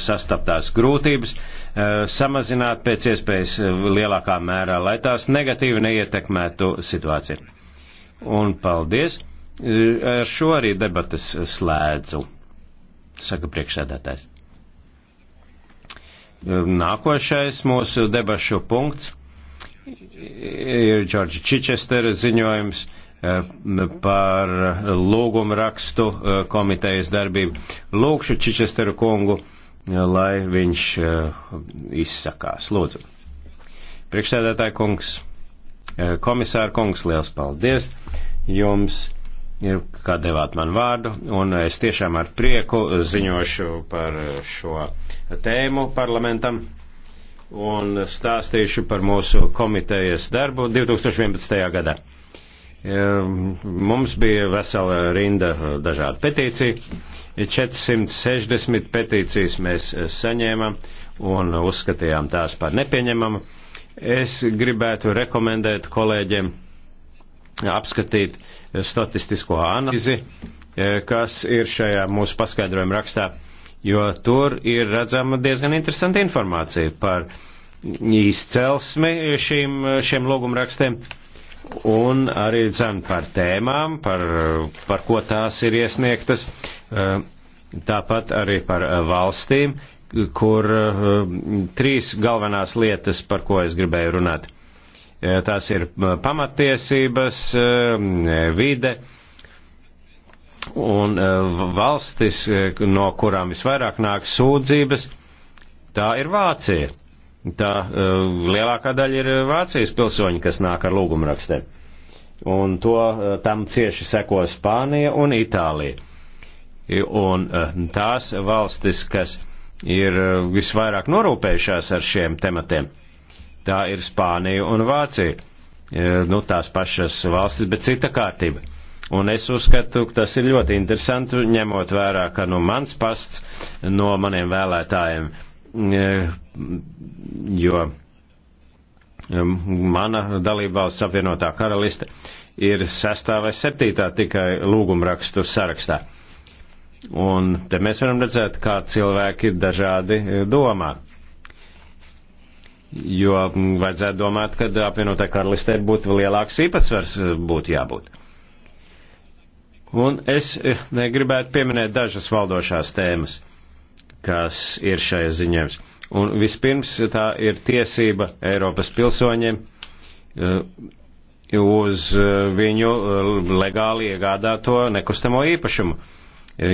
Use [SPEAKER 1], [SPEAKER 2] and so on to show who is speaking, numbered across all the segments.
[SPEAKER 1] sastaptās grūtības, eh, samazināt pēc iespējas eh, lielākā mērā, lai tās negatīvi neietekmētu situāciju. Un paldies! Eh, ar šo arī debatas slēdzu, saka priekšsēdētājs. Nākošais mūsu debašu punkts ir Džordža Čičestera ziņojums par lūgumu rakstu komitejas darbību. Lūkšu Čičesteru kungu lai viņš eh, izsakās. Lūdzu. Priekšsēdētāja kungs, eh, komisāra kungs, liels paldies jums, kā devāt man vārdu, un es tiešām ar prieku ziņošu par eh, šo tēmu parlamentam un stāstīšu par mūsu komitejas darbu 2011. gadā. Mums bija vesela rinda dažādu petīciju. 460 petīcijas mēs saņēmām un uzskatījām tās par nepieņemamu. Es gribētu rekomendēt kolēģiem apskatīt statistisko analīzi, kas ir šajā mūsu paskaidrojuma rakstā, jo tur ir redzama diezgan interesanta informācija par izcelsmi šīm, šiem logumrakstiem. rakstiem un arī dzen par tēmām, par, par ko tās ir iesniegtas, eh, tāpat arī par eh, valstīm, kur eh, trīs galvenās lietas, par ko es gribēju runāt. Tās ir pamatiesības, vide un valstis, no kurām visvairāk nāk sūdzības, tā ir Vācija tā eh, lielākā daļa ir eh, Vācijas pilsoņi, kas nāk ar lūgumrakstiem. Un to eh, tam cieši seko Spānija un Itālija. Un tās valstis, kas ir visvairāk norūpējušās ar šiem tematiem, tā ir Spānija un Vācija. Nu, tās pašas valstis, bet cita kārtība. Un es uzskatu, ka tas ir ļoti interesanti, ņemot vērā, ka nu mans pasts no maniem vēlētājiem E, jo mana dalībvalsts apvienotā karaliste ir sestā vai septītā tikai lūgumrakstu sarakstā. Un te mēs varam redzēt, kā cilvēki dažādi e, domā. Jo vajadzētu domāt, ka apvienotā karalistē būtu lielāks īpatsvars e, būtu jābūt. Un es gribētu pieminēt dažas valdošās tēmas kas ir šajā ziņojums. Un vispirms tā ir tiesība Eiropas pilsoņiem eh, uz eh, viņu eh, legāli iegādāto nekustamo īpašumu,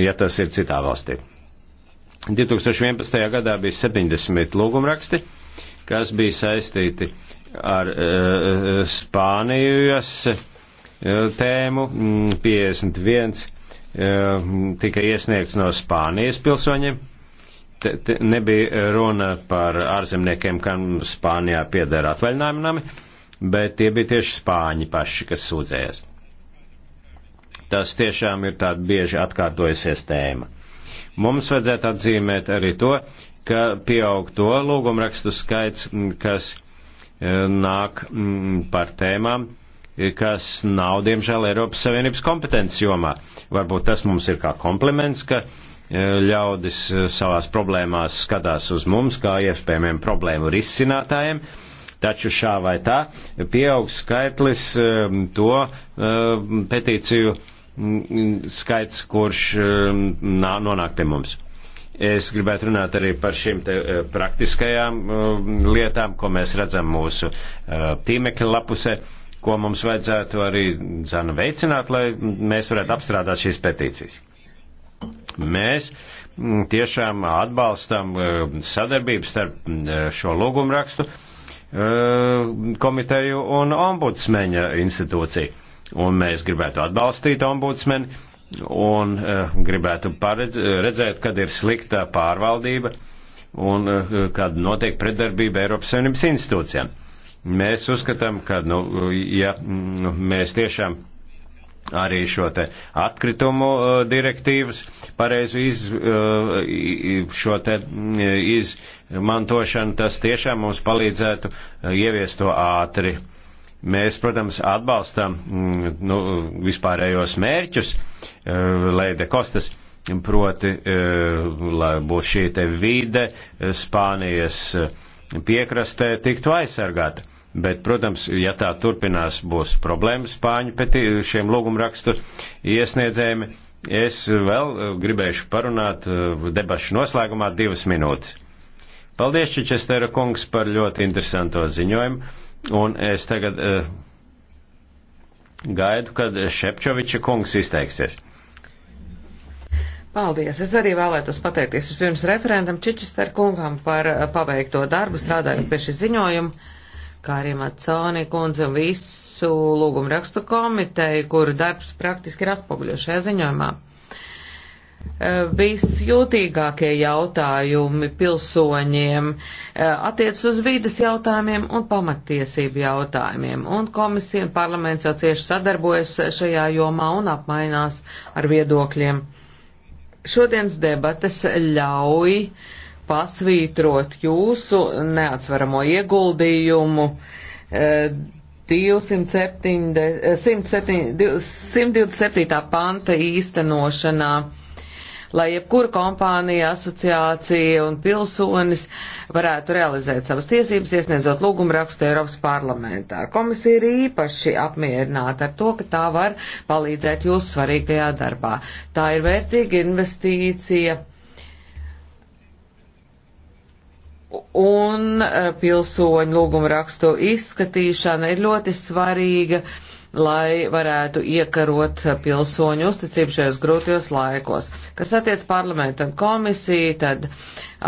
[SPEAKER 1] ja tas ir citā valstī. 2011. gadā bija 70 lūgumraksti, kas bija saistīti ar uh, Spānijas tēmu, 51 mm, uh, tika iesniegts no Spānijas pilsoņiem te, te nebija runa par ārzemniekiem, kam Spānijā piedara atvaļinājuma nami, bet tie bija tieši spāņi paši, kas sūdzējās. Tas tiešām ir tāda bieži atkārtojusies tēma. Mums vajadzētu atzīmēt arī to, ka pieaug to lūgumrakstu skaits, kas e, nāk par tēmām, e, kas nav, diemžēl, Eiropas Savienības kompetences jomā. Varbūt tas mums ir kā kompliments, ka uh, ļaudis eh, savās problēmās skatās uz mums kā iespējamiem problēmu risinātājiem, taču šā vai tā pieaug skaitlis eh, to eh, petīciju mm, skaits, kurš nonāk pie mums. Es gribētu runāt arī par šīm praktiskajām lietām, ko mēs redzam mūsu tīmekļa lapusē, ko mums vajadzētu arī zana veicināt, lai mēs varētu apstrādāt šīs petīcijas. Mēs mm, tiešām atbalstam e, sadarbību starp mm, e, šo lūgumrakstu e, komiteju un ombudsmeņa institūciju. Un mēs gribētu atbalstīt ombudsmeni un gribētu paredz, redzēt, kad ir slikta pārvaldība un kad notiek pretdarbība Eiropas Savienības institūcijām. Mēs uzskatām, ka, nu, ja mm, mēs tiešām arī šo te atkritumu uh, direktīvas, pareizu iz, uh, šo te uh, izmantošanu, tas tiešām mums palīdzētu ieviest to ātri. Mēs, protams, atbalstam mm, nu, vispārējos mērķus, Leide Kostas, proti, lai būs šī te vide Spānijas piekrastē tiktu aizsargāta Bet, protams, ja tā turpinās, būs problēmas spāņu peti šiem lūgumrakstu iesniedzējiem. Es vēl eh, gribēšu parunāt eh, debašu noslēgumā divas minūtes. Paldies, Čečestera kungs, par ļoti interesanto ziņojumu, un es tagad uh, gaidu, kad Šepčoviča kungs izteiksies.
[SPEAKER 2] Paldies! Es arī vēlētos pateikties vispirms referentam Čičester kungam par paveikto darbu, strādājot pie šī ziņojuma kā arī Maconi kundze un visu lūgumu rakstu komiteju, kuru darbs praktiski ir atspoguļots šajā ziņojumā. E, visjūtīgākie jautājumi pilsoņiem e, attiec uz vīdas jautājumiem un pamatiesību jautājumiem, un komisija un parlaments jau cieši sadarbojas šajā jomā un apmainās ar viedokļiem. Šodienas debates ļauj uh, pasvītrot jūsu neatsvaramo ieguldījumu 207, 107, 127. panta īstenošanā, lai jebkura kompānija, asociācija un pilsonis varētu realizēt savas tiesības, iesniedzot lūgumu rakstu Eiropas parlamentā. Komisija ir īpaši apmierināta ar to, ka tā var palīdzēt jūsu svarīgajā darbā. Tā ir vērtīga investīcija un eh, pilsoņu lūgumu rakstu izskatīšana ir ļoti svarīga, lai varētu iekarot pilsoņu uzticību šajos grūtajos laikos. Kas attiec parlamentu un komisiju, tad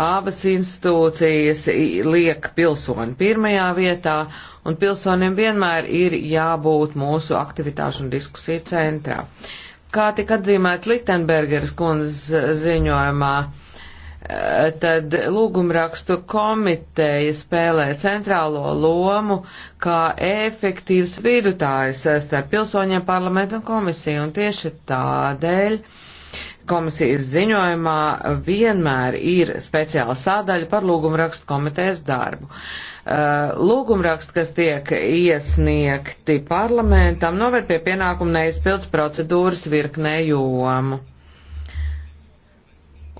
[SPEAKER 2] abas institūcijas liek pilsoņu pirmajā vietā, un pilsoņiem vienmēr ir jābūt mūsu aktivitāšu un diskusiju centrā. Kā tika atzīmēts Litenbergeras kundzes ziņojumā, uh, Eh, tad lūgumrakstu komiteja spēlē centrālo lomu kā efektīvs vidutājs eh, starp pilsoņiem parlamentu un komisiju, un tieši tādēļ komisijas ziņojumā vienmēr ir speciāla sādaļa par lūgumrakstu komitejas darbu. Eh, Lūgumrakst, kas tiek iesniegti parlamentam, noved pie pienākuma neizpildes procedūras virknē jomu.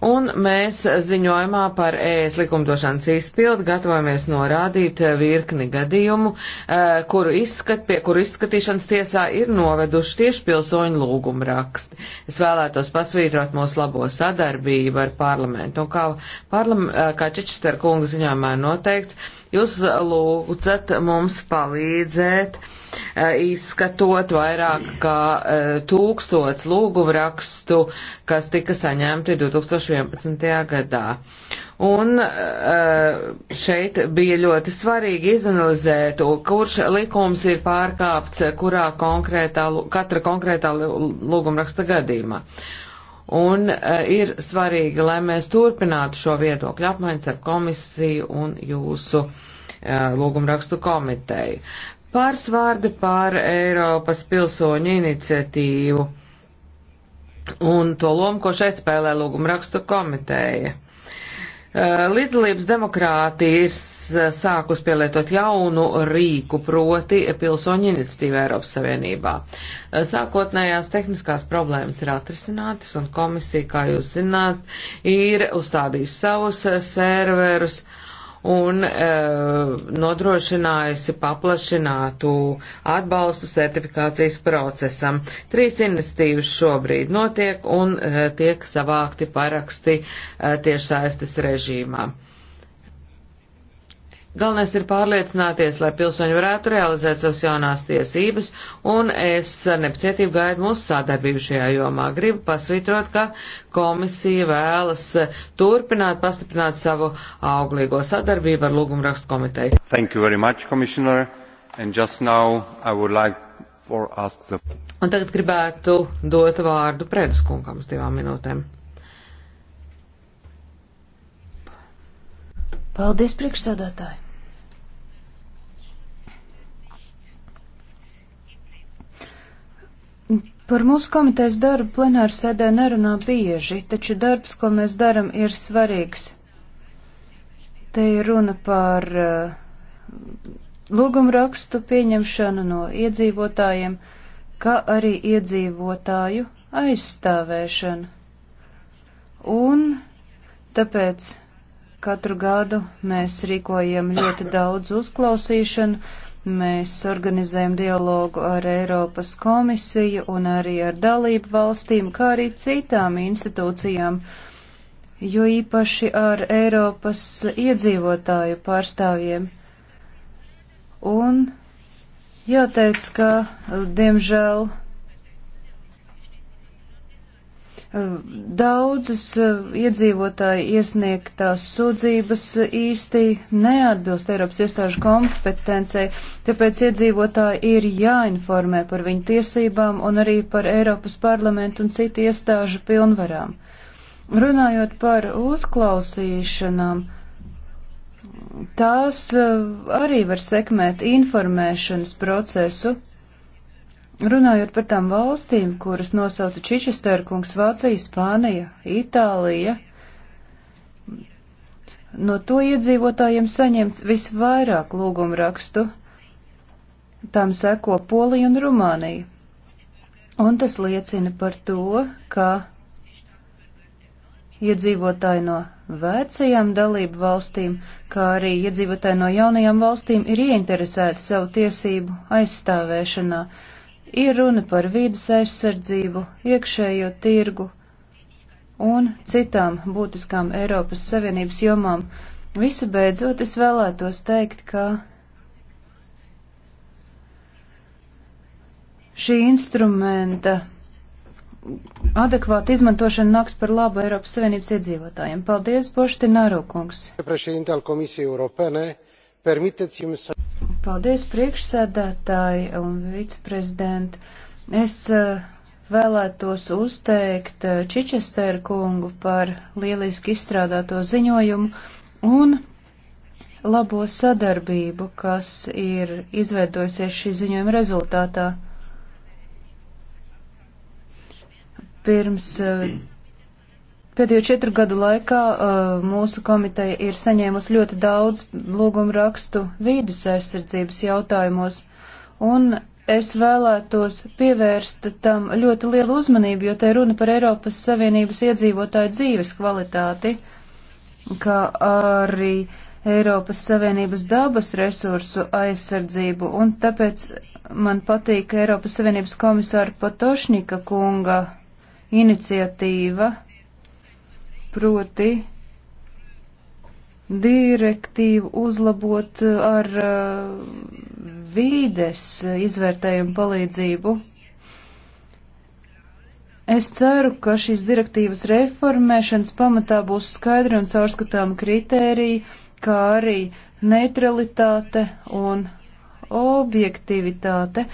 [SPEAKER 2] Un mēs ziņojumā par ES likumdošanas izpildu gatavojamies norādīt virkni gadījumu, eh, kuru izskat, pie kuru izskatīšanas tiesā ir noveduši tieši pilsoņu lūguma raksti. Es vēlētos pasvītrot mūsu labo sadarbību ar parlamentu. Un kā, parlam, eh, kā Čečester kunga ziņojumā noteikts, Jūs lūdzat mums palīdzēt, eh, izskatot vairāk kā eh, tūkstots lūgumu rakstu, kas tika saņemti 2011. gadā. Un eh, šeit bija ļoti svarīgi izanalizēt, kurš likums ir pārkāpts kurā konkrētā, katra konkrētā lūgumraksta gadījumā. Un uh, ir svarīgi, lai mēs turpinātu šo viedokļu apmaiņu ar komisiju un jūsu uh, lūgumrakstu komiteju. Pāris vārdi par Eiropas pilsoņu iniciatīvu un to lomu, ko šeit spēlē lūgumrakstu komiteja. Eh, līdzdalības demokrātija ir eh, sākus pielietot jaunu rīku, proti pilsoņu iniciatīvu Eiropas Savienībā. Eh, sākotnējās tehniskās problēmas ir atrisinātas, un komisija, kā jūs zināt, ir uzstādījusi savus serverus. Uh, un e, nodrošinājusi paplašinātu atbalstu certifikācijas procesam. Trīs investīvas šobrīd notiek un e, tiek savākti paraksti e, tiešsaistes režīmā. Galvenais ir pārliecināties, lai pilsoņi varētu realizēt savas jaunās tiesības, un es ar nepacietību gaidu mūsu sādarbību šajā jomā. Gribu pasvītrot, ka komisija vēlas eh, turpināt, pastiprināt savu auglīgo sadarbību ar Lūgumrakstu komiteju.
[SPEAKER 1] Thank you very much, Commissioner. And
[SPEAKER 2] just now I would like for ask the... Un tagad gribētu dot vārdu prēdiskungam uz divām minūtēm.
[SPEAKER 3] Paldies, priekšsēdētāji! Par mūsu komitejas darbu plenāru sēdē nerunā bieži, taču darbs, ko mēs daram, ir svarīgs. Te ir runa par eh, lūgumrakstu pieņemšanu no iedzīvotājiem, kā arī iedzīvotāju aizstāvēšanu. Un tāpēc katru gadu mēs rīkojam ļoti daudz uzklausīšanu, Mēs organizējam dialogu ar Eiropas komisiju un arī ar dalību valstīm, kā arī citām institūcijām, jo īpaši ar Eiropas iedzīvotāju pārstāvjiem. Un jāteic, ka, diemžēl, Daudzas eh, iedzīvotāji iesniegtās sūdzības eh, īsti neatbilst Eiropas iestāžu kompetencei, tāpēc iedzīvotāji ir jāinformē par viņu tiesībām un arī par Eiropas parlamentu un citu iestāžu pilnvarām. Runājot par uzklausīšanām, tās eh, arī var sekmēt informēšanas procesu, Runājot par tām valstīm, kuras nosauca Čičesterkungs, Vācija, Spānija, Itālija, no to iedzīvotājiem saņemts visvairāk lūgumu rakstu. Tām seko Polija un Rumānija. Un tas liecina par to, ka iedzīvotāji no vecajām dalību valstīm, kā arī iedzīvotāji no jaunajām valstīm ir ieinteresēti savu tiesību aizstāvēšanā. Ir runa par vīdas aizsardzību, iekšējo tirgu un citām būtiskām Eiropas Savienības jomām. Visu beidzot, es vēlētos teikt, ka šī instrumenta adekvāta izmantošana nāks par labu Eiropas Savienības iedzīvotājiem. Paldies, Boštināro kungs! Paldies priekšsēdētāji un viceprezidenti. Es eh, vēlētos uzteikt eh, Čičesteru kungu par lieliski izstrādāto ziņojumu un labo sadarbību, kas ir izveidojusies šī ziņojuma rezultātā. Pirms eh, Pēdējo četru gadu laikā uh, mūsu komiteja ir saņēmusi ļoti daudz lūgumu rakstu vīdes aizsardzības jautājumos, un es vēlētos pievērst tam ļoti lielu uzmanību, jo te runa par Eiropas Savienības iedzīvotāju dzīves kvalitāti, kā arī Eiropas Savienības dabas resursu aizsardzību, un tāpēc man patīk Eiropas Savienības komisāra Patošņika kunga iniciatīva proti direktīvu uzlabot ar uh, vīdes izvērtējumu palīdzību. Es ceru, ka šīs direktīvas reformēšanas pamatā būs skaidri un caurskatāmi kritēriji, kā arī neutralitāte un objektivitāte.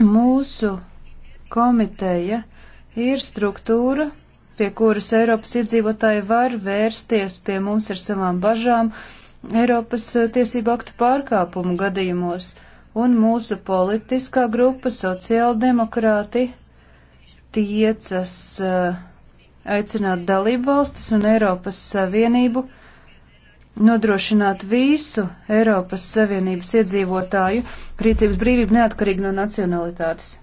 [SPEAKER 3] Mūsu komiteja ir struktūra, pie kuras Eiropas iedzīvotāji var vērsties pie mums ar savām bažām Eiropas eh, tiesību aktu pārkāpumu gadījumos, un mūsu politiskā grupa sociāldemokrāti tiecas eh, aicināt dalību valstis un Eiropas Savienību nodrošināt visu Eiropas Savienības iedzīvotāju rīcības brīvību neatkarīgi no nacionalitātes.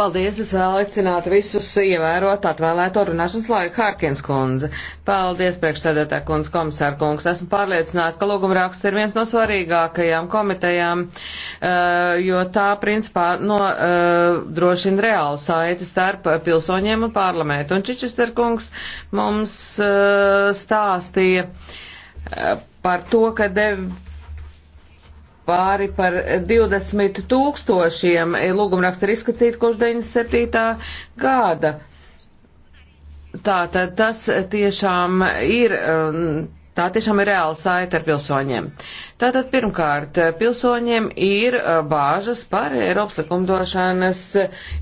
[SPEAKER 2] Paldies, es vēl aicinātu visus ievērot atvēlēto runāšanas laiku Hārkins kundze. Paldies, priekšsēdētā kundze, komisāra kungs. Esmu pārliecināta, ka lūgumraksts ir viens no svarīgākajām komitejām, eh, jo tā principā no, eh, drošina reālu saiti starp pilsoņiem un parlamentu. Un Čičister kungs mums eh, stāstīja par to, ka dev pāri par 20 tūkstošiem eh, lūgumrakstu ir izskatīti kopš 97. gada. Tātad tas tiešām ir. Um, tā tiešām ir reāla saita ar pilsoņiem. Tātad pirmkārt, pilsoņiem ir uh, bāžas par Eiropas likumdošanas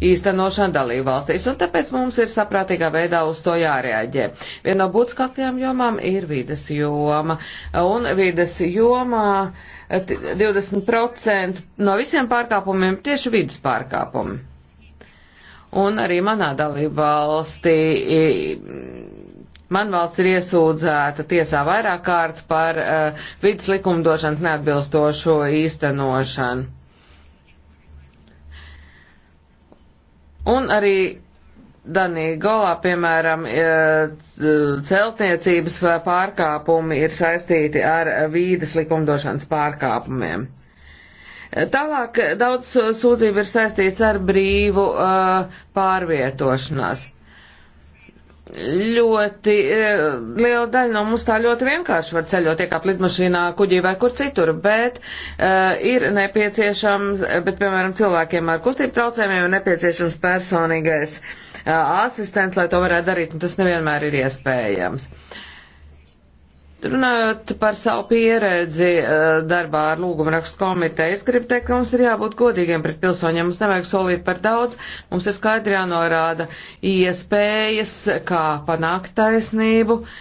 [SPEAKER 2] īstenošanu dalībvalstīs, un tāpēc mums ir saprātīgā veidā uz to jārēģē. Viena no būtiskākajām jomām ir vides joma, un vides jomā uh, 20% no visiem pārkāpumiem tieši vidas pārkāpumi. Un arī manā dalība valstī, man valsts ir iesūdzēta tiesā vairāk kārt par uh, vidas likumdošanas neatbilstošo īstenošanu. Un arī Danīgolā, piemēram, e, celtniecības pārkāpumi ir saistīti ar vīdes likumdošanas pārkāpumiem. E, tālāk daudz sūdzību ir saistīts ar brīvu uh, e, pārvietošanās. Ļoti uh, liela daļa no mums tā ļoti vienkārši var ceļot, tiek aplidmašīnā, kuģī vai kur citur, bet uh, ir nepieciešams, bet, piemēram, cilvēkiem ar kustību traucējumiem ir nepieciešams personīgais uh, asistents, lai to varētu darīt, un tas nevienmēr ir iespējams. Runājot par savu pieredzi darbā ar lūgumu rakstu komiteju, es gribu teikt, ka mums ir jābūt godīgiem pret pilsoņiem. Mums nevajag solīt par daudz, mums ir skaidri jānorāda iespējas, kā panākt taisnību. Uh,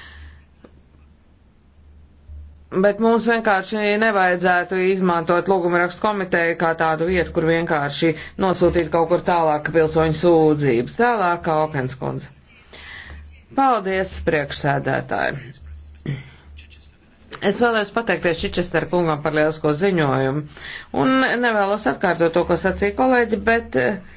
[SPEAKER 2] Bet mums vienkārši nevajadzētu izmantot lūgumrakstu komiteju kā tādu vietu, kur vienkārši nosūtīt kaut kur tālāk pilsoņu sūdzības. Tālāk kā Okenskundze. Paldies, priekšsēdētāji. Es vēlos pateikties Čičester kungam par lielisko ziņojumu. Un nevēlos atkārtot to, ko sacīja kolēģi, bet. Uh,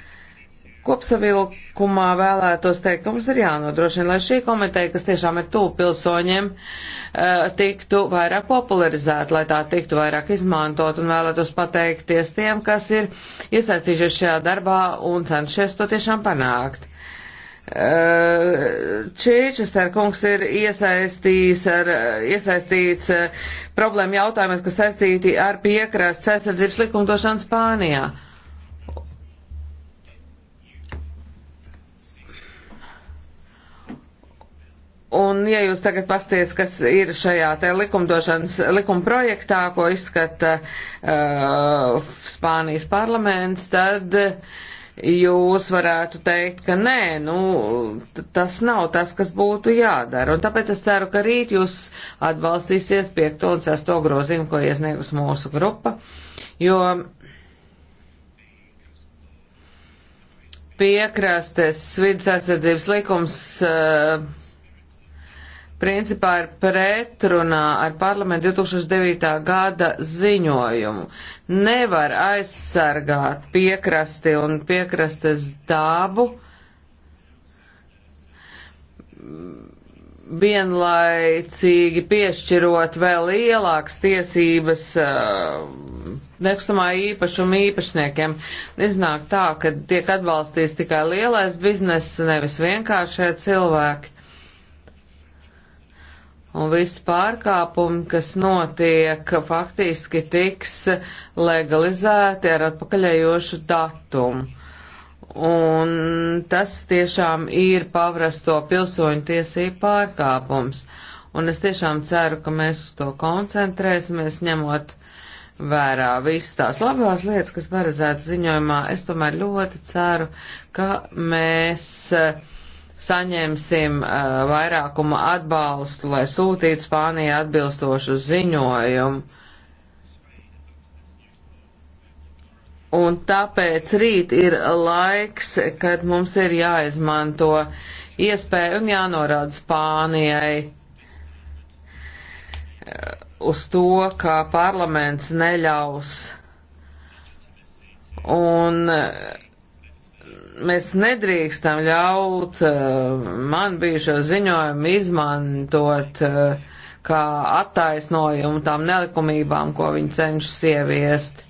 [SPEAKER 2] Kopsavilkumā vēlētos teikt, ka mums ir jānodrošina, lai šī komiteja, kas tiešām ir tuvu pilsoņiem, eh, tiktu vairāk popularizēta, lai tā tiktu vairāk izmantot un vēlētos pateikties tiem, kas ir iesaistījušies šajā darbā un cenšies to tiešām panākt. Eh, Čīčester kungs ir iesaistījis ar, iesaistīts eh, problēmu jautājumus, kas saistīti ar piekrasts aizsardzības likumdošanu Spānijā. Un, ja jūs tagad pasties, kas ir šajā te likumdošanas likuma projektā, ko izskata uh, Spānijas parlaments, tad jūs varētu teikt, ka nē, nu, tas nav tas, kas būtu jādara. Un tāpēc es ceru, ka rīt jūs atbalstīsiet 5. un 6. grozīmu, ko iesniegus mūsu grupa, jo piekrastes vidas aizsardzības likums uh, principā ir pretrunā ar parlamentu 2009. gada ziņojumu. Nevar aizsargāt piekrasti un piekrastes dabu vienlaicīgi piešķirot vēl lielākas tiesības uh, nekustamā īpašuma īpašniekiem. Iznāk tā, ka tiek atbalstīts tikai lielais biznes, nevis vienkāršie cilvēki. Un viss pārkāpumi, kas notiek, faktiski tiks legalizēti ar atpakaļējošu datumu. Un tas tiešām ir pavrasto pilsoņu tiesību pārkāpums. Un es tiešām ceru, ka mēs uz to koncentrēsimies, ņemot vērā visas tās labās lietas, kas paredzētas ziņojumā. Es tomēr ļoti ceru, ka mēs uh, saņemsim uh, vairākuma atbalstu, lai sūtītu Spānijai atbilstošu ziņojumu. Un tāpēc rīt ir laiks, kad mums ir jāizmanto iespēju un jānorāda Spānijai uh, uz to, ka parlaments neļaus. Un uh, mēs nedrīkstam ļaut eh, man bijušo ziņojumu izmantot eh, kā attaisnojumu tām nelikumībām, ko viņi cenšas ieviest.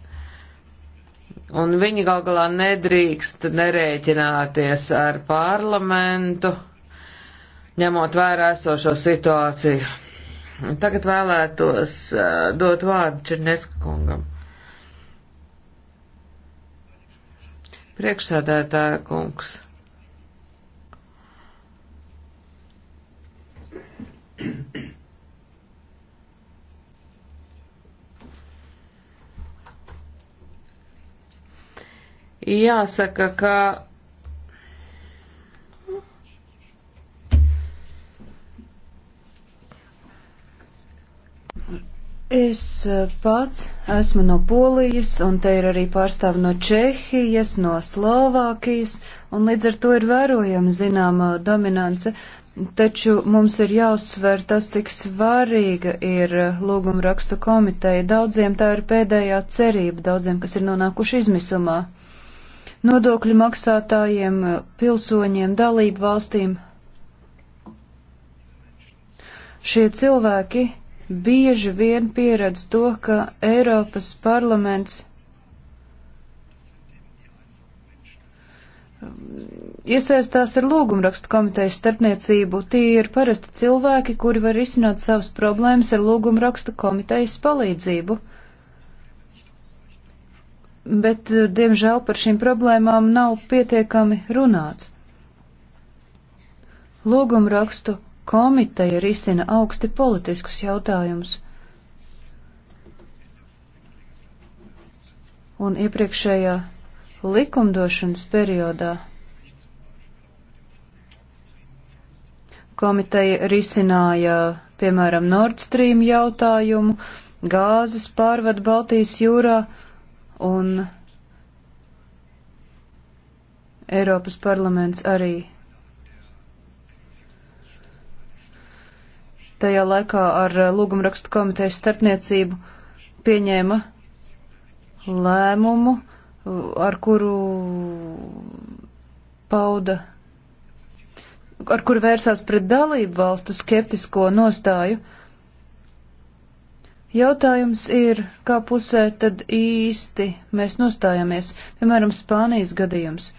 [SPEAKER 2] Un viņi gal galā nedrīkst nerēķināties ar parlamentu, ņemot vērā esošo situāciju. Tagad vēlētos eh, dot vārdu Černeska kungam. Priekšsēdētāja kungs. Jāsaka, ka
[SPEAKER 3] Es eh, pats esmu no Polijas, un te ir arī pārstāvi no Čehijas, no Slovākijas, un līdz ar to ir vērojama zināma dominance. Taču mums ir jāuzsver tas, cik svarīga ir eh, lūguma rakstu komiteja. Daudziem tā ir pēdējā cerība, daudziem, kas ir nonākuši izmisumā. Nodokļu maksātājiem, eh, pilsoņiem, dalību valstīm. Šie cilvēki bieži vien pieredz to, ka Eiropas parlaments um, iesaistās ar lūgumrakstu komitejas starpniecību. Tie ir parasti cilvēki, kuri var izsināt savas problēmas ar lūgumrakstu komitejas palīdzību. Bet, uh, diemžēl, par šīm problēmām nav pietiekami runāts. Lūgumrakstu komiteja risina augsti politiskus jautājumus. Un iepriekšējā likumdošanas periodā komiteja risināja, piemēram, Nord Stream jautājumu, gāzes pārvadu Baltijas jūrā un Eiropas parlaments arī tajā laikā ar eh, lūgumrakstu komitejas starpniecību pieņēma lēmumu, eh, ar kuru pauda, ar kuru vērsās pret dalību valstu skeptisko nostāju. Jautājums ir, kā pusē tad īsti mēs nostājamies, piemēram, Spānijas gadījums.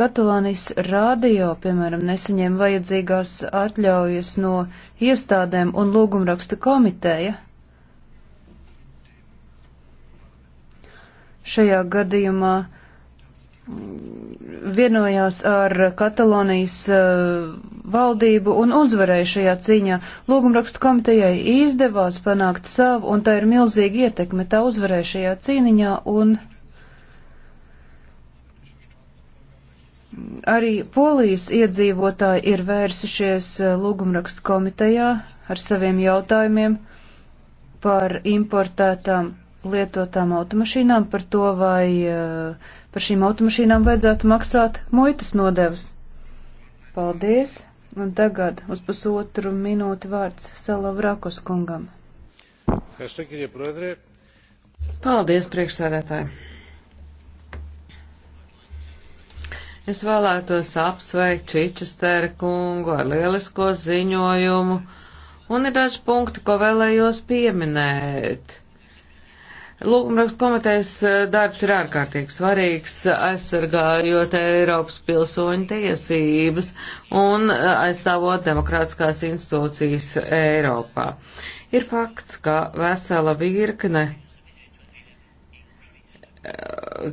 [SPEAKER 3] Katalānijas radio, piemēram, nesaņēma vajadzīgās atļaujas no iestādēm un lūgumraksta komiteja. Šajā gadījumā mm, vienojās ar Katalonijas e, valdību un uzvarēja šajā cīņā. Lūgumrakstu komitejai izdevās panākt savu, un tā ir milzīga ietekme. Tā uzvarēja šajā cīniņā un Arī polijas iedzīvotāji ir vērsušies eh, lūgumrakstu komitejā ar saviem jautājumiem par importētām lietotām automašīnām, par to, vai eh, par šīm automašīnām vajadzētu maksāt muitas nodevas. Paldies! Un tagad uz pusotru minūti vārds Salavrakos kungam.
[SPEAKER 2] Paldies, priekšsēdētāji! Es vēlētos apsveikt Čičestēra kungu ar lielisko ziņojumu, un ir daži punkti, ko vēlējos pieminēt. Lūgumrakstu komitejas eh, darbs ir ārkārtīgi svarīgs, aizsargājot Eiropas pilsoņu tiesības un eh, aizstāvot demokrātiskās institūcijas Eiropā. Ir fakts, ka vesela virkne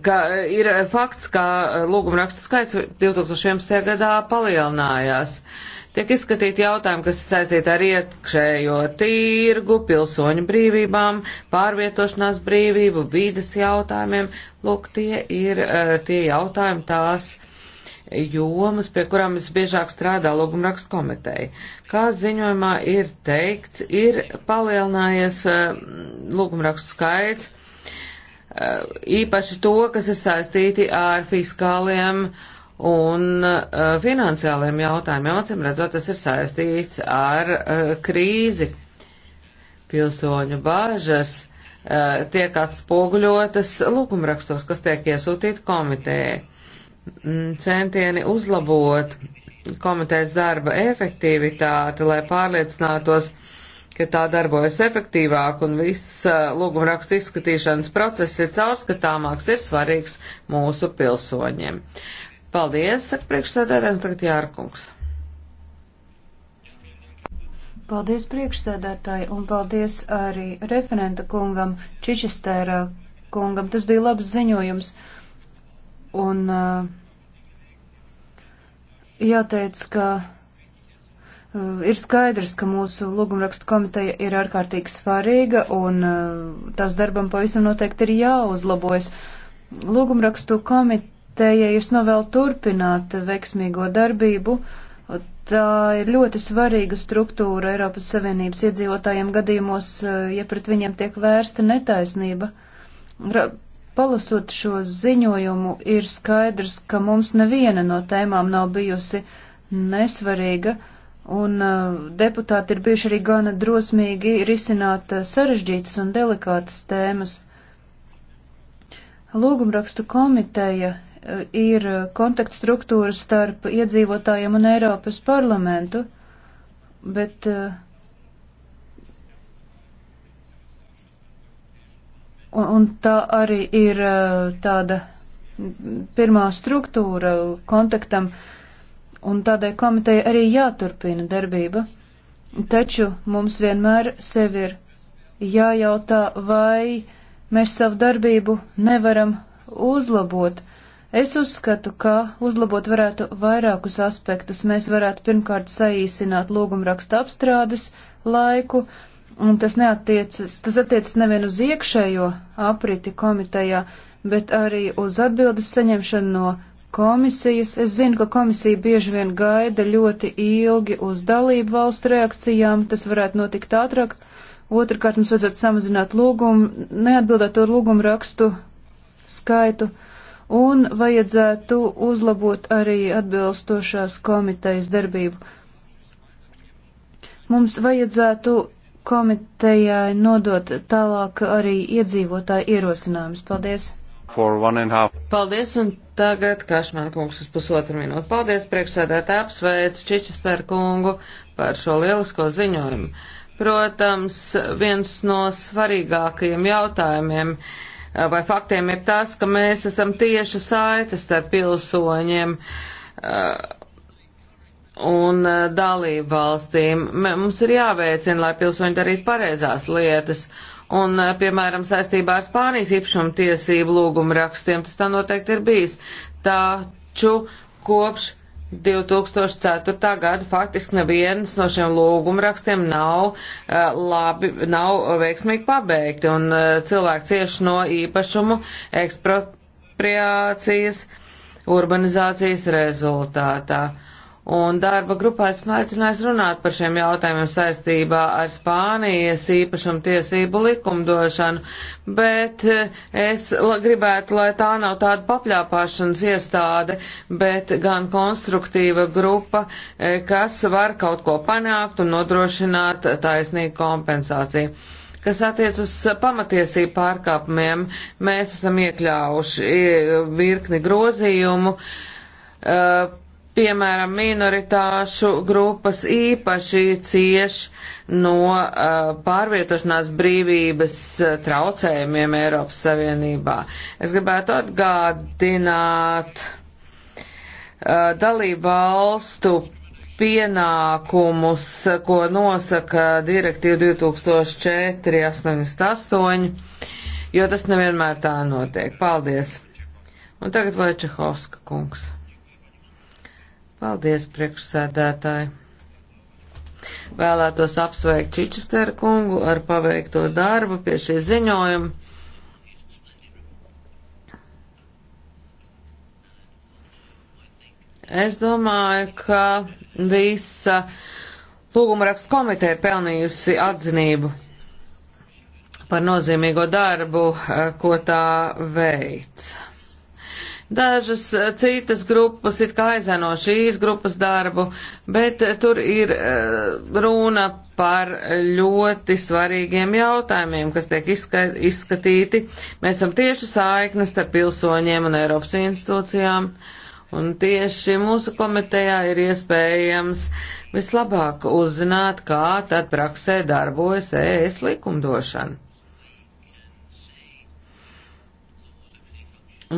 [SPEAKER 2] ka ir fakts, ka lūgumrakstu skaits 2011. gadā palielinājās. Tiek izskatīti jautājumi, kas saistīti ar iekšējo tirgu, pilsoņu brīvībām, pārvietošanās brīvību, vīdes jautājumiem. Lūk, tie ir eh, tie jautājumi tās jomas, pie kurām visbiežāk strādā logumrakstu komiteja. Kā ziņojumā ir teikts, ir palielinājies eh, logumrakstu skaits Eh, īpaši to, kas ir saistīti ar fiskāliem un eh, finansiāliem jautājumiem. Acīm redzot, tas ir saistīts ar eh, krīzi. Pilsoņu bāžas tiek atspoguļotas lūgumrakstos, kas tiek iesūtīti komitejai. Mm, centieni uzlabot komitejas darba efektivitāti, lai pārliecinātos, ka tā darbojas efektīvāk un viss lūgumrakstu izskatīšanas process ir caurskatāmāks, ir svarīgs mūsu pilsoņiem. Paldies, saka priekšsēdētājs, tagad Jārkungs.
[SPEAKER 3] Paldies priekšsēdētāji un paldies arī referenta kungam, Čičistēra kungam. Tas bija labs ziņojums. Un uh, jāteic, ka Eh, ir skaidrs, ka mūsu lūgumrakstu komiteja ir ārkārtīgi svarīga un eh, tās darbam pavisam noteikti ir jāuzlabojas. Lūgumrakstu komitejai es novēlu turpināt veiksmīgo darbību. Tā ir ļoti svarīga struktūra Eiropas Savienības iedzīvotājiem gadījumos, eh, ja pret viņiem tiek vērsta netaisnība. Ra palasot šo ziņojumu, ir skaidrs, ka mums neviena no tēmām nav bijusi nesvarīga. Uh, Un uh, deputāti ir bijuši arī gana drosmīgi risināt uh, sarežģītas un delikātas tēmas. Lūgumrakstu komiteja uh, ir uh, kontaktstruktūra starp iedzīvotājiem un Eiropas parlamentu, bet uh, un, un tā arī ir uh, tāda pirmā struktūra kontaktam. Uh, un tādai komitejai arī jāturpina darbība. Taču mums vienmēr sevi ir jājautā, vai mēs savu darbību nevaram uzlabot. Es uzskatu, ka uzlabot varētu vairākus aspektus. Mēs varētu pirmkārt saīsināt lūgumrakstu apstrādes laiku, un tas neatiecas, tas attiecas nevien uz iekšējo apriti komitejā, bet arī uz atbildes saņemšanu no komisijas. Es zinu, ka komisija bieži vien gaida ļoti ilgi uz dalību valstu reakcijām, tas varētu notikt ātrāk. Otrakārt, mums vajadzētu samazināt lūgumu, neatbildēto lūgumu rakstu skaitu un vajadzētu uzlabot arī atbilstošās komitejas darbību. Mums vajadzētu komitejai nodot tālāk arī iedzīvotāju ierosinājumus. Paldies!
[SPEAKER 2] Paldies, un tagad Kašmēna kungs uz pusotru minūtu. Paldies, priekšsēdētā apsveic Čičester kungu par šo lielisko ziņojumu. Protams, viens no svarīgākajiem jautājumiem eh, vai faktiem ir tas, ka mēs esam tieši saites ar pilsoņiem eh, un eh, dalību valstīm. Mums ir jāveicina, lai pilsoņi darītu pareizās lietas. Uh, Un, eh, piemēram, saistībā ar Spānijas īpašuma tiesību lūgumu rakstiem tas tā noteikti ir bijis. Taču kopš 2004. gada faktiski neviens no šiem lūgumrakstiem nav, eh, labi, nav veiksmīgi pabeigti, un eh, cilvēki cieši no īpašumu ekspropriācijas urbanizācijas rezultātā. Uh, Un darba grupā esmu aicinājis runāt par šiem jautājumiem saistībā ar Spānijas īpašumu tiesību likumdošanu, bet eh, es gribētu, lai tā nav tāda papļāpāšanas iestāde, bet gan konstruktīva grupa, eh, kas var kaut ko panākt un nodrošināt taisnīgu kompensāciju. Kas attiec uz pamatiesību pārkāpumiem, mēs esam iekļāvuši eh, virkni grozījumu. Uh, Piemēram, minoritāšu grupas īpaši cieš no uh, pārvietošanās brīvības uh, traucējumiem Eiropas Savienībā. Es gribētu atgādināt uh, dalību valstu pienākumus, ko nosaka direktīva 2004-88, jo tas nevienmēr tā notiek. Paldies! Un tagad Vojčehovska kungs. Paldies, priekšsēdētāji! Vēlētos apsveikt Čičesteru kungu ar paveikto darbu pie šī ziņojuma. Es domāju, ka visa lūguma rakstu komiteja ir pelnījusi atzinību par nozīmīgo darbu, eh, ko tā veids. Dažas eh, citas grupas it kā aizēno šīs grupas darbu, bet eh, tur ir eh, runa par ļoti svarīgiem jautājumiem, kas tiek izskatīti. Mēs esam tieši saiknes ar pilsoņiem un Eiropas institūcijām, un tieši mūsu komitejā ir iespējams vislabāk uzzināt, kā tad praksē darbojas ES likumdošana.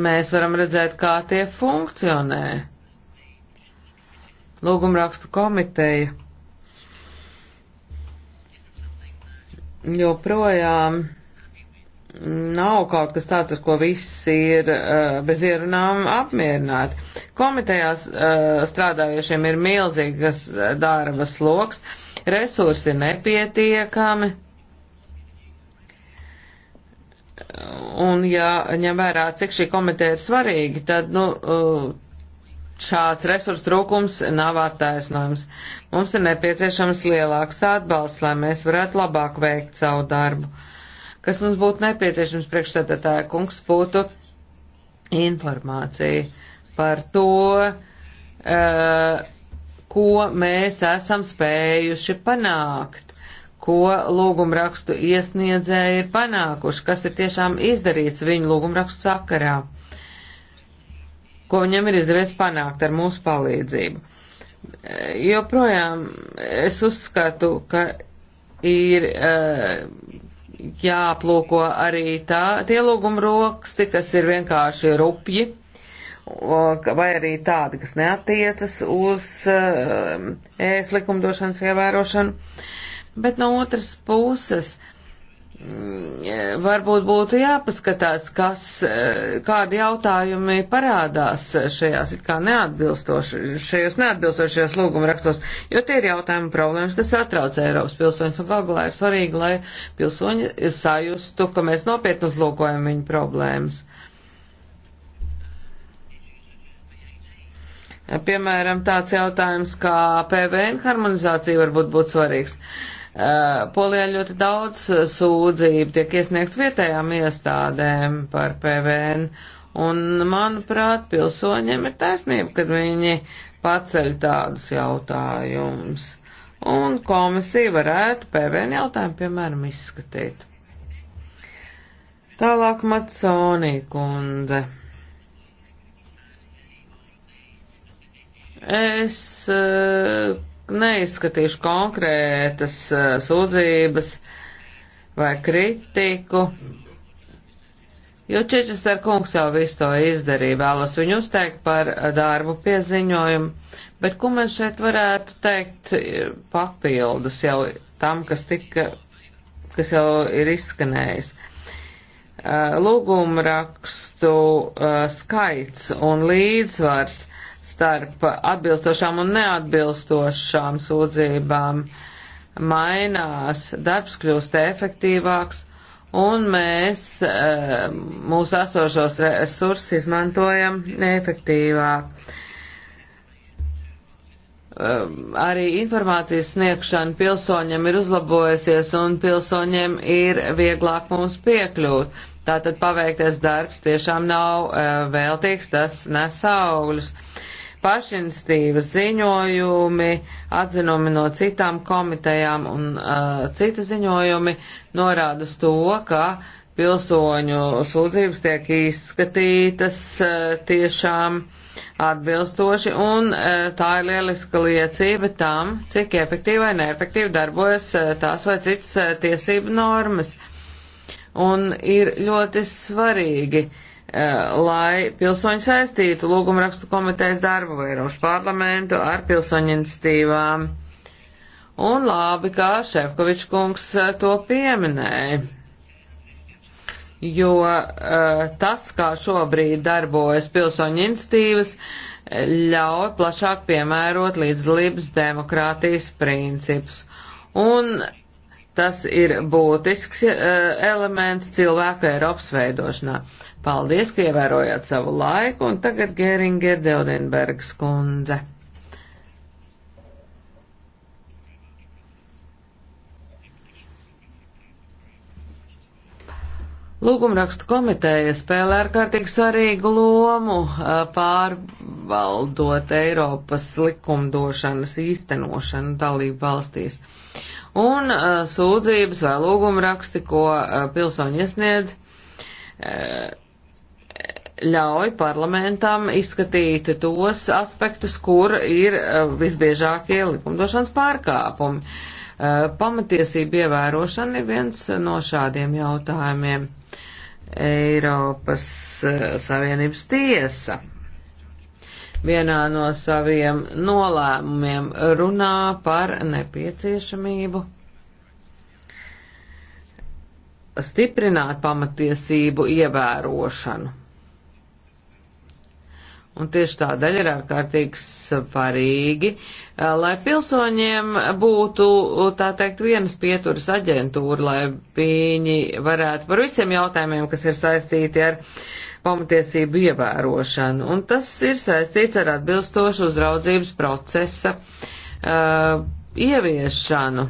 [SPEAKER 2] mēs varam redzēt, kā tie funkcionē. Lūgumrakstu komiteja joprojām nav kaut kas tāds, ar ko visi ir uh, bez ierunām apmierināti. Komitejās uh, strādājošiem ir milzīgas eh, darbas sloks, resursi nepietiekami Un, ja ņem vērā, cik šī komiteja ir svarīga, tad, nu, uh, šāds resursu trūkums nav attaisnojums. Mums ir nepieciešams lielāks atbalsts, lai mēs varētu labāk veikt savu darbu. Kas mums būtu nepieciešams priekšsēdētāja kungs būtu informācija par to, uh, ko mēs esam spējuši panākt ko lūgumrakstu iesniedzēji ir panākuši, kas ir tiešām izdarīts viņu lūgumrakstu sakarā, ko viņam ir izdevies panākt ar mūsu palīdzību. Joprojām es uzskatu, ka ir eh, jāplūko arī tā, tie lūgumraksti, kas ir vienkārši rupji, vai arī tādi, kas neatiecas uz ēs eh, likumdošanas ievērošanu. Uh, bet no otras puses mm, e, varbūt būtu jāpaskatās, kas, e, kādi jautājumi parādās šajās it kā neatbilstoši, šajos neatbilstošajos lūguma rakstos, jo tie ir jautājumi problēmas, kas atrauc Eiropas pilsoņus, un galvā ir svarīgi, lai pilsoņi sajustu, ka mēs nopietni uzlūkojam viņu problēmas. Piemēram, tāds jautājums kā PVN harmonizācija varbūt būtu svarīgs. Uh, Eh, Polijā ļoti daudz eh, sūdzību tiek iesniegts vietējām iestādēm par PVN, un, manuprāt, pilsoņiem ir taisnība, kad viņi paceļ tādus jautājumus, un komisija varētu PVN jautājumu, piemēram, izskatīt. Tālāk Matsonī kundze. Es uh, neizskatīšu konkrētas uh, sūdzības vai kritiku, jo Čičester kungs jau visu to izdarīja, vēlas viņu uzteikt par darbu pieziņojumu, bet ko mēs šeit varētu teikt papildus jau tam, kas tika, kas jau ir izskanējis. Uh, Lūgumrakstu uh, skaits un līdzsvars starp atbilstošām un neatbilstošām sūdzībām mainās, darbs kļūst efektīvāks, un mēs eh, mūsu esošos resursus izmantojam efektīvāk. Eh, arī informācijas sniegšana pilsoņiem ir uzlabojusies, un pilsoņiem ir vieglāk mums piekļūt. Tātad paveiktais darbs tiešām nav eh, vēltīgs, tas nes augļus pašinstīva ziņojumi, atzinumi no citām komitejām un uh, citi ziņojumi norāda uz to, ka pilsoņu sūdzības tiek izskatītas uh, tiešām atbilstoši, un uh, tā ir lieliska liecība tam, cik efektīvi vai neefektīvi darbojas uh, tās vai citas uh, tiesību normas. Un ir ļoti svarīgi uh, Eh, lai pilsoņi saistītu lūgumrakstu komitejas darbu vai Eiropas parlamentu ar pilsoņu institīvām. Un labi, kā Šefkovičs kungs eh, to pieminēja, jo eh, tas, kā šobrīd darbojas pilsoņu institīvas, ļauj plašāk piemērot līdzdalības demokrātijas principus. Un Tas ir būtisks eh, elements cilvēka Eiropas veidošanā. Paldies, ka ievērojāt savu laiku, un tagad Geringer Deodenbergs kundze. Lūgumrakstu komiteja spēlē ārkārtīgi svarīgu lomu eh, pārvaldot Eiropas likumdošanas īstenošanu dalību valstīs. Uh, un uh, sūdzības vai lūguma raksti, ko uh, pilsoņi iesniedz, uh, ļauj parlamentam izskatīt tos aspektus, kur ir uh, visbiežākie likumdošanas pārkāpumi. Uh, pamatiesība ievērošana ir viens no šādiem jautājumiem. Eiropas uh, Savienības tiesa vienā no saviem nolēmumiem runā par nepieciešamību stiprināt pamatiesību ievērošanu. Un tieši tādēļ ir ārkārtīgi svarīgi, eh, lai pilsoņiem būtu, tā teikt, vienas pieturas aģentūra, lai viņi varētu par visiem jautājumiem, kas ir saistīti ar uh, pamatiesību ievērošanu, un tas ir saistīts ar atbilstošu uzraudzības procesa uh, ieviešanu,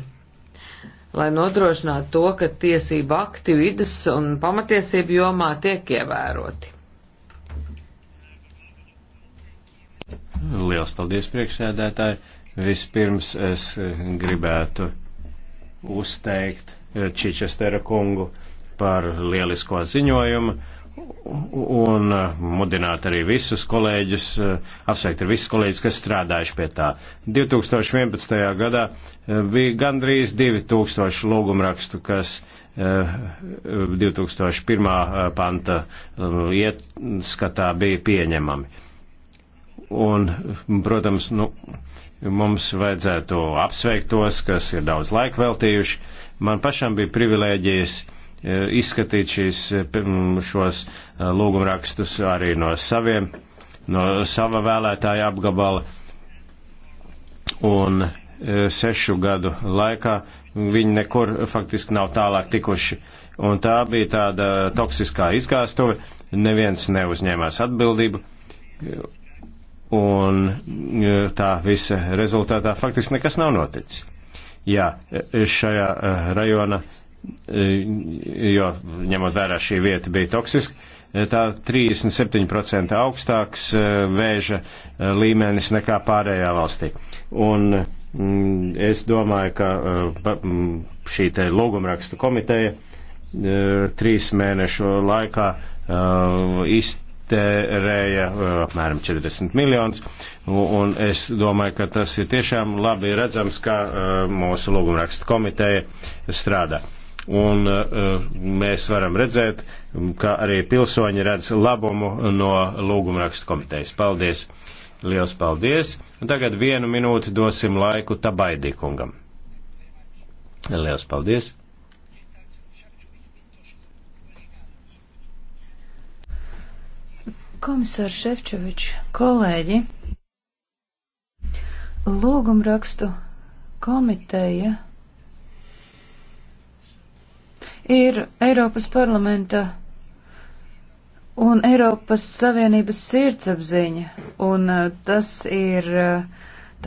[SPEAKER 2] lai nodrošinātu to, ka tiesība akti vidas un pamatiesību jomā tiek ievēroti.
[SPEAKER 1] Liels paldies, priekšsēdētāji! Vispirms es gribētu uzteikt Čičestera kungu par lielisko ziņojumu un eh, mudināt arī visus kolēģus, eh, apsveikt ar visus kolēģus, kas strādājuši pie tā. 2011. gadā eh, bija gandrīz 2000 lūgumrakstu, kas 2001. panta ieskatā bija pieņemami. Un, protams, nu, mums vajadzētu apsveikt tos, kas ir daudz laika veltījuši. Man pašam bija privilēģijas E, izskatīt šīs, e, šos e, lūgumrakstus arī no saviem, no sava vēlētāja apgabala. Un sešu gadu laikā viņi nekur faktiski nav tālāk tikuši. Un tā bija tāda toksiskā izgāstuve, neviens neuzņēmās atbildību. Un tā visa rezultātā faktiski nekas nav noticis. Jā, šajā rajona jo ņemot vērā šī vieta bija toksiska, tā 37% augstāks vēža līmenis nekā pārējā valstī. Un mm, es domāju, ka mm, šī te logumraksta komiteja trīs mēnešu laikā izt tērēja apmēram 40 miljonus, un es domāju, ka tas ir tiešām labi redzams, kā mūsu lūgumraksta komiteja strādā un eh, mēs varam redzēt, ka arī pilsoņi redz labumu no lūgumrakstu komitejas. Paldies! Liels paldies! Tagad vienu minūti dosim laiku Tabaidīkungam. Liels paldies!
[SPEAKER 3] Komisār Šefčovičs, kolēģi, lūgumrakstu komiteja ir Eiropas parlamenta un Eiropas Savienības sirdsapziņa, un uh, tas ir uh,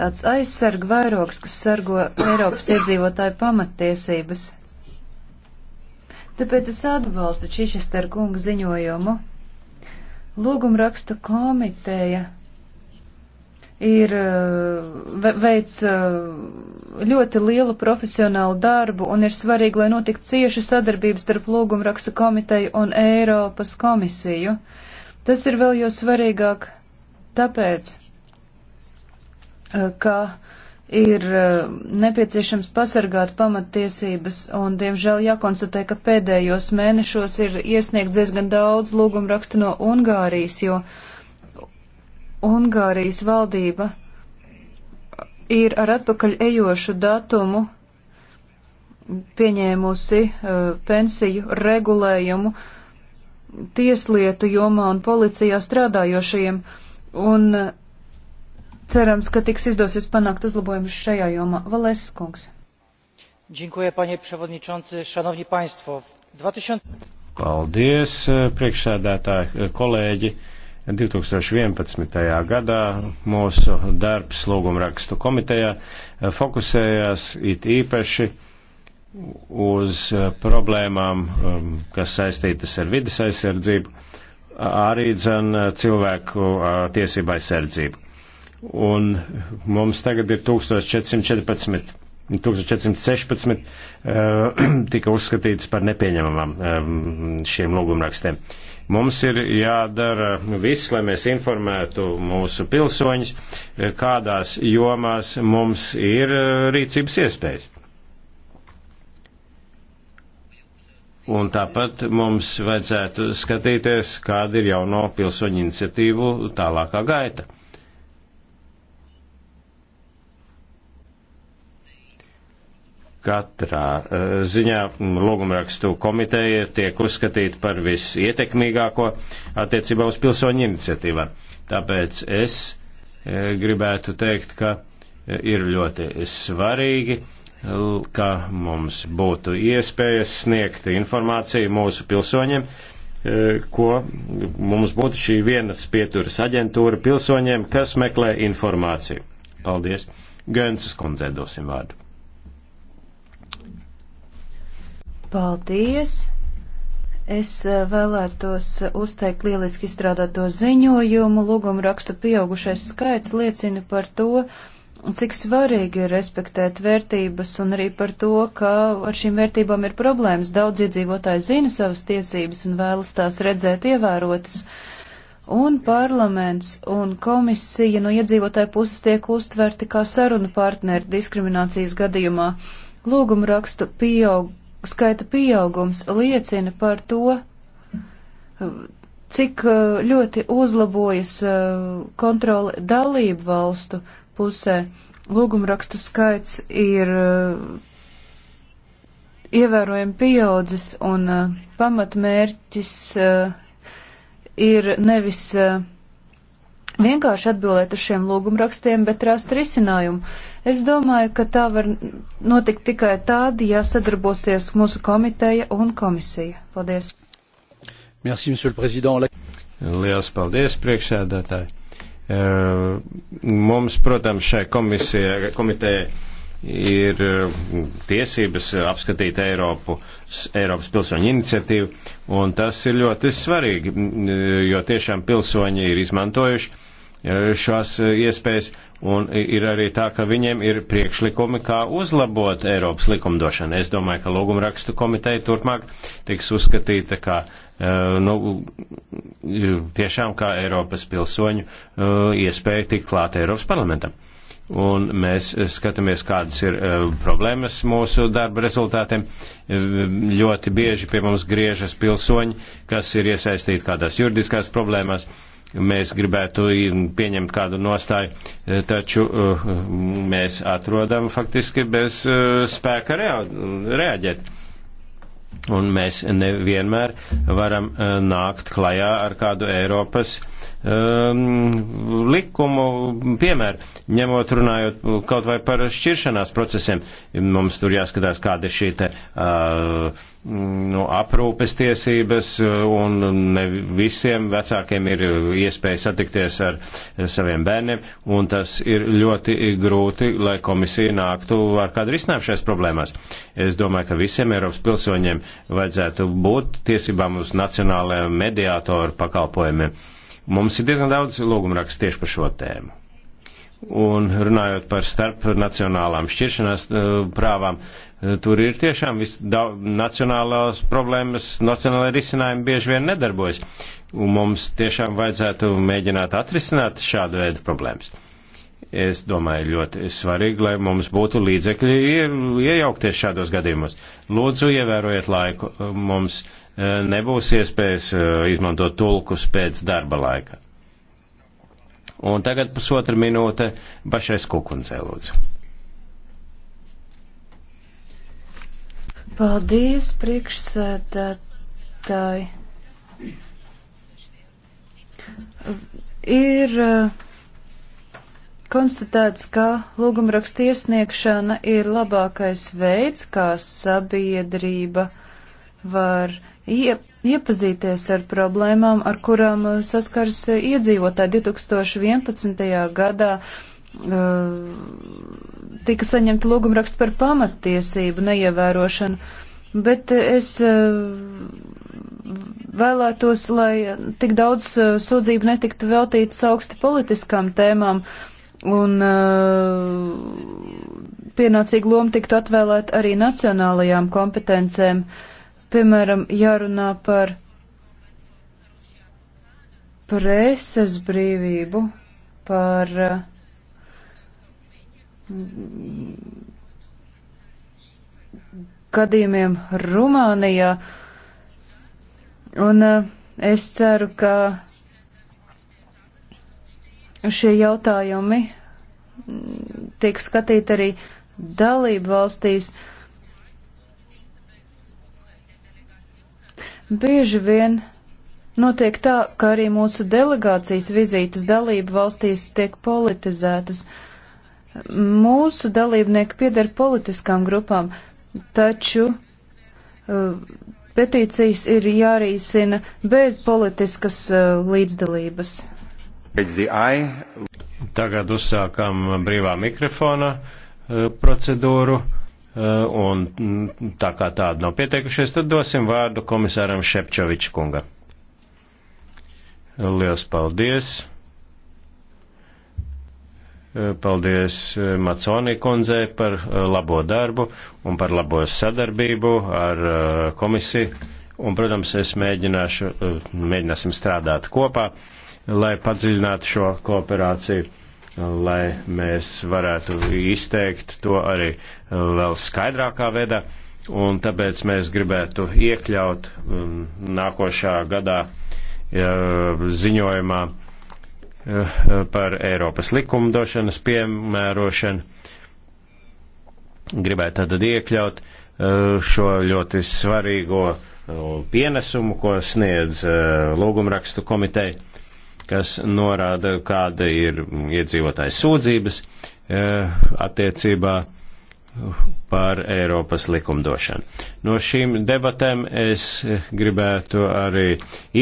[SPEAKER 3] tāds aizsarga vairoks, kas sargo Eiropas iedzīvotāju pamattiesības. Tāpēc es atbalstu Čičester kunga ziņojumu. Lūgumrakstu komiteja ir eh, veic eh, ļoti lielu profesionālu darbu un ir svarīgi, lai notiktu cieša sadarbības starp lūgumrakstu komiteju un Eiropas komisiju. Tas ir vēl jo svarīgāk tāpēc, eh, ka ir nepieciešams pasargāt pamatiesības un, diemžēl, jākonstatē, ka pēdējos mēnešos ir iesniegts diezgan daudz lūgumrakstu no Ungārijas, jo uh, Ungārijas valdība ir ar atpakaļ ejošu datumu pieņēmusi uh, pensiju regulējumu tieslietu jomā un policijā strādājošajiem, un uh, cerams, ka tiks izdosies panākt uzlabojumus šajā jomā. Valēsis kungs. Dziękuję, panie przewodniczący, szanowni państwo. 2000...
[SPEAKER 1] Paldies, e, priekšsēdētāji, e, kolēģi. 2011. gadā mūsu darbs lūgumrakstu komitejā eh, fokusējās it īpaši uz eh, problēmām, um, kas saistītas ar vidas aizsardzību, arī dzen eh, cilvēku tiesību aizsardzību. Un mums tagad ir 1414 1416 tika uzskatītas par nepieņemamām šiem lūgumrakstiem. Mums ir jādara viss, lai mēs informētu mūsu pilsoņus, kādās jomās mums ir eh, rīcības iespējas. Un tāpat mums vajadzētu skatīties, kāda ir jauno pilsoņu iniciatīvu tālākā gaita. Katrā eh, ziņā lūgumrakstu komiteja tiek uzskatīta par visietekmīgāko attiecībā uz pilsoņu iniciatīvā. Tāpēc es eh, gribētu teikt, ka eh, ir ļoti svarīgi, ka mums būtu iespējas sniegt informāciju mūsu pilsoņiem, ko mums būtu šī vienas pieturas aģentūra pilsoņiem, kas meklē informāciju. Paldies! Gönces kundzei dosim vārdu.
[SPEAKER 3] Paldies! Es eh, vēlētos eh, uzteikt lieliski izstrādāto ziņojumu. Lūguma rakstu pieaugušais skaits liecina par to, cik svarīgi ir respektēt vērtības un arī par to, ka ar šīm vērtībām ir problēmas. Daudz iedzīvotāji zina savas tiesības un vēlas tās redzēt ievērotas. Un parlaments un komisija no iedzīvotāju puses tiek uztverti kā sarunu partneri diskriminācijas gadījumā. Lūguma rakstu pieaug skaita pieaugums liecina par to, cik uh, ļoti uzlabojas uh, kontrole dalību valstu pusē. Lūgumrakstu skaits ir uh, ievērojami pieaudzis un pamatmērķis ir nevis vienkārši atbildēt uz šiem lūgumrakstiem, bet rast risinājumu. Es domāju, ka tā var notikt tikai tādi, ja sadarbosies mūsu komiteja un komisija. Paldies!
[SPEAKER 1] Merci, monsieur le président. Liels paldies, priekšsēdētāji. Eh, mums, protams, šai komisijai, komitejai ir eh, tiesības apskatīt Eiropu, Eiropas pilsoņu iniciatīvu, un tas ir ļoti svarīgi, jo tiešām pilsoņi ir izmantojuši E, šās e, iespējas, un ir arī tā, ka viņiem ir priekšlikumi, kā uzlabot Eiropas likumdošanu. Es domāju, ka lūgumrakstu komiteja turpmāk tiks uzskatīta kā e, nu, tiešām kā Eiropas pilsoņu iespēja tikt klāt Eiropas parlamentam. Un mēs skatāmies, kādas ir problēmas mūsu darba rezultātiem. Ļoti bieži pie mums griežas pilsoņi, kas ir iesaistīti kādās juridiskās problēmās mēs gribētu pieņemt kādu nostāju, e, taču e, mēs atrodam faktiski bez e, spēka reaģēt. Un mēs nevienmēr varam nākt klajā ar kādu Eiropas um, likumu piemēru, ņemot runājot kaut vai par šķiršanās procesiem. Mums tur jāskatās, kāda ir šī te, uh, nu, aprūpes tiesības, uh, un ne visiem vecākiem ir iespēja satikties ar saviem bērniem, un tas ir ļoti grūti, lai komisija nāktu ar kādu risinājumu šajās problēmās. Es domāju, ka visiem Eiropas pilsoņiem vajadzētu būt tiesībām uz nacionālajiem mediātoru pakalpojumiem. Mums ir diezgan daudz lūgumrakstu tieši par šo tēmu. Un runājot par starpnacionālām šķiršanās eh, prāvām, eh, tur ir tiešām nacionālās problēmas, nacionālai risinājumi bieži vien nedarbojas. Un mums tiešām vajadzētu mēģināt atrisināt šādu veidu problēmas. Es domāju, ļoti svarīgi, lai mums būtu līdzekļi iejaukties šādos gadījumos. Lūdzu, ievērojiet laiku. Mums nebūs iespējas eh, izmantot tulkus pēc darba laika. Un tagad pusotra minūte pašais kukundzē lūdzu.
[SPEAKER 3] Paldies, priekšsēdētāji. Ir eh, konstatēts, ka lūgumrakstu iesniegšana ir labākais veids, kā sabiedrība var ie, iepazīties ar problēmām, ar kurām uh, saskars uh, iedzīvotāji 2011. gadā. Uh, tika saņemta lūgumraksta par pamattiesību neievērošanu, bet uh, es vēlētos, lai tik daudz sūdzību netiktu veltītas augsti politiskām tēmām un pienācīga loma tiktu atvēlēta arī nacionālajām kompetencēm. Uh, Piemēram, jārunā par preses brīvību, par mm, gadījumiem Rumānijā. Un eh, es ceru, ka šie jautājumi mm, tiek skatīti arī dalību valstīs. Uh, Bieži vien notiek tā, ka arī mūsu delegācijas vizītes dalību valstīs tiek politizētas. Mūsu dalībnieki pieder politiskām grupām, taču uh, petīcijas ir jārīsina bez politiskas uh, līdzdalības.
[SPEAKER 1] Tagad uzsākam brīvā mikrofona uh, procedūru. Eh, un mm, tā kā tāda nav pieteikušies, tad dosim vārdu komisāram Šepčoviču kunga. Liels paldies! Eh, paldies eh, Maconi kundzei par labo darbu un par labo sadarbību ar komisiju. Un, protams, es mēģināšu, mēģināsim strādāt kopā, lai padziļinātu šo kooperāciju lai mēs varētu izteikt to arī vēl skaidrākā veidā, un tāpēc mēs gribētu iekļaut um, nākošā gadā ziņojumā uh, par Eiropas likumdošanas piemērošanu. Gribētu tātad iekļaut uh, šo ļoti svarīgo uh, pienesumu, ko sniedz lūgumrakstu komiteja kas norāda, kāda ir iedzīvotāja sūdzības eh, attiecībā par Eiropas likumdošanu. No šīm debatēm es gribētu arī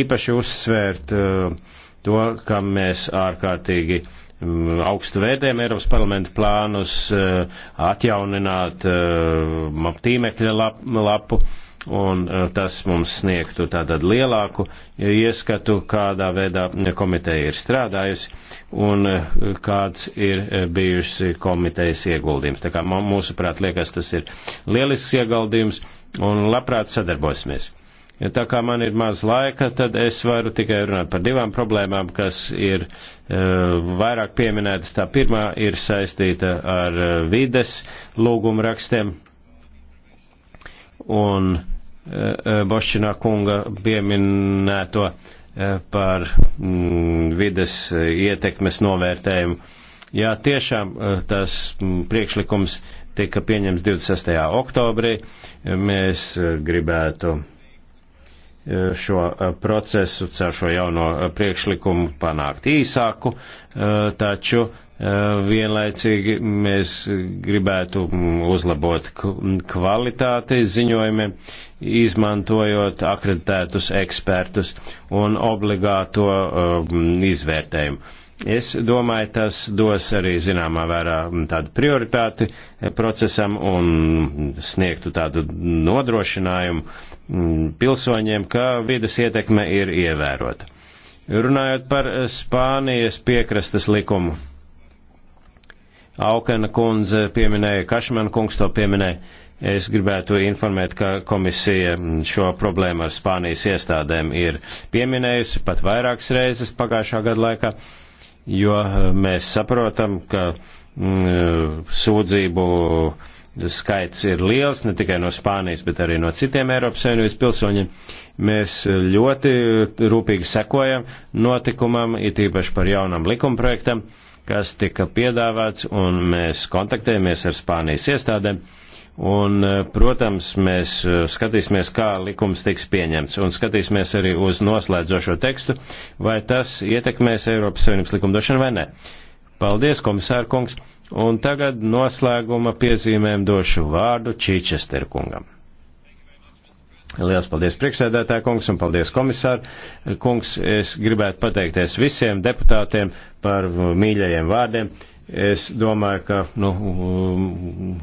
[SPEAKER 1] īpaši uzsvērt eh, to, ka mēs ārkārtīgi mm, augstu vērtējam Eiropas parlamenta plānus eh, atjaunināt tīmekļa lapu un e, tas mums sniegtu tātad lielāku ieskatu, kādā veidā komiteja ir strādājusi un e, kāds ir e, bijusi komitejas ieguldījums. Tā kā mūsuprāt liekas, tas ir lielisks ieguldījums un labprāt sadarbosimies. Ja tā kā man ir maz laika, tad es varu tikai runāt par divām problēmām, kas ir e, vairāk pieminētas. Tā pirmā ir saistīta ar vides lūgumu rakstiem. Un Eh, eh, Bošķinā kunga pieminēto eh, par mm, vides ietekmes novērtējumu. Jā, tiešām tas mm, priekšlikums tika pieņems 26. oktobrī. Mēs gribētu šo procesu caur šo jauno priekšlikumu panākt īsāku, taču Vienlaicīgi mēs gribētu uzlabot kvalitāti ziņojumiem, izmantojot akreditētus ekspertus un obligāto izvērtējumu. Es domāju, tas dos arī zināmā vērā tādu prioritāti procesam un sniegtu tādu nodrošinājumu pilsoņiem, ka vidas ietekme ir ievērota. Runājot par Spānijas piekrastes likumu Aukena kundze pieminēja, Kašmana kungs to pieminēja. Es gribētu informēt, ka komisija šo problēmu ar Spānijas iestādēm ir pieminējusi pat vairākas reizes pagājušā gada laikā, jo mēs saprotam, ka mm, sūdzību skaits ir liels ne tikai no Spānijas, bet arī no citiem Eiropas Savienības pilsoņiem. Mēs ļoti rūpīgi sekojam notikumam, it īpaši par jaunam likumprojektam. projektam kas tika piedāvāts, un mēs kontaktējamies ar Spānijas iestādēm. Un, protams, mēs uh, skatīsimies, kā likums tiks pieņemts, un skatīsimies arī uz noslēdzošo tekstu, vai tas ietekmēs Eiropas Savienības likumdošanu vai nē. Paldies, komisārkungs, un tagad noslēguma piezīmēm došu vārdu Čīčester kungam. Liels paldies priekšsēdētāja kungs un paldies komisāra kungs. Es gribētu pateikties visiem deputātiem par uh, mīļajiem vārdiem. Es domāju, ka nu, um,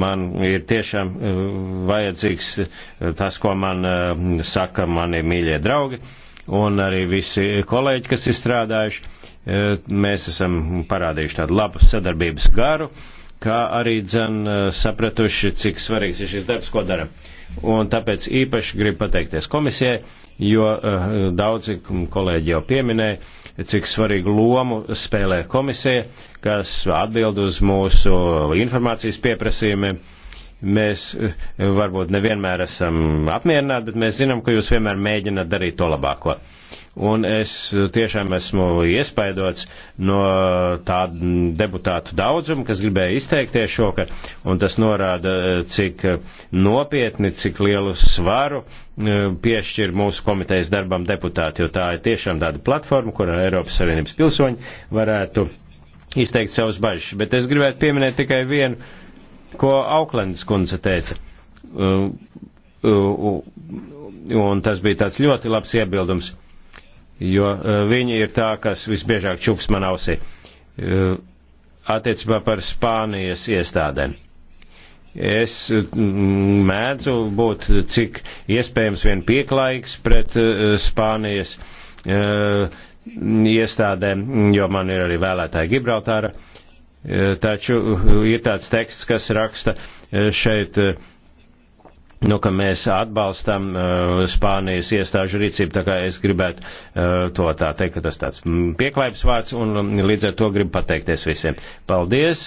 [SPEAKER 1] man ir tiešām uh, vajadzīgs uh, tas, ko man saka mani mīļie draugi un arī visi kolēģi, kas ir strādājuši. Mēs esam parādījuši tādu labu sadarbības garu, kā arī dzen sapratuši, cik svarīgs ir šis darbs, ko daram. Un tāpēc īpaši gribu pateikties komisijai, jo daudzi kolēģi jau pieminēja, cik svarīgu lomu spēlē komisija, kas atbild uz mūsu informācijas pieprasījumiem Mēs eh, varbūt nevienmēr esam apmierināti, bet mēs zinām, ka jūs vienmēr mēģināt darīt to labāko. Un es eh, tiešām esmu iespaidots no tādu deputātu daudzumu, kas gribēja izteikties šokar, un tas norāda, eh, cik nopietni, cik lielu svaru piešķir mūsu komitejas darbam deputāti, jo tā ir tiešām tāda platforma, kurā Eiropas Savienības pilsoņi varētu izteikt savus bažas. Bet es gribētu pieminēt tikai vienu ko Auklendas kundze teica. Uh, uh, un tas bija tāds ļoti labs iebildums, jo uh, viņi ir tā, kas visbiežāk čuks man ausī attiecībā par Spānijas iestādēm. Es mm, mēdzu būt cik iespējams vien pieklājīgs pret Spānijas iestādēm, jo man ir arī vēlētāji Gibraltāra. Uh, Taču uh, ir tāds teksts, kas raksta uh, šeit, uh, nu, ka mēs atbalstam Spānijas iestāžu rīcību, tā kā es gribētu to tā teikt, ka tas tāds mm, pieklājības vārds, un um, līdz ar to gribu pateikties visiem. Paldies,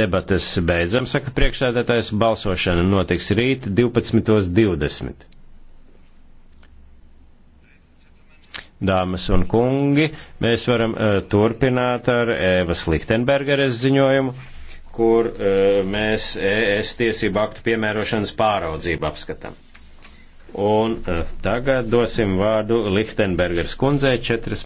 [SPEAKER 1] debatas beidzam, saka priekšsēdētājs, balsošana notiks rīt 12.20. Dāmas un kungi, mēs varam uh, turpināt ar Ēvas Lichtenbergeres ziņojumu, kur uh, mēs ES tiesību aktu piemērošanas pāraudzību apskatām. Un uh, tagad dosim vārdu Lichtenbergeres kundzei četras.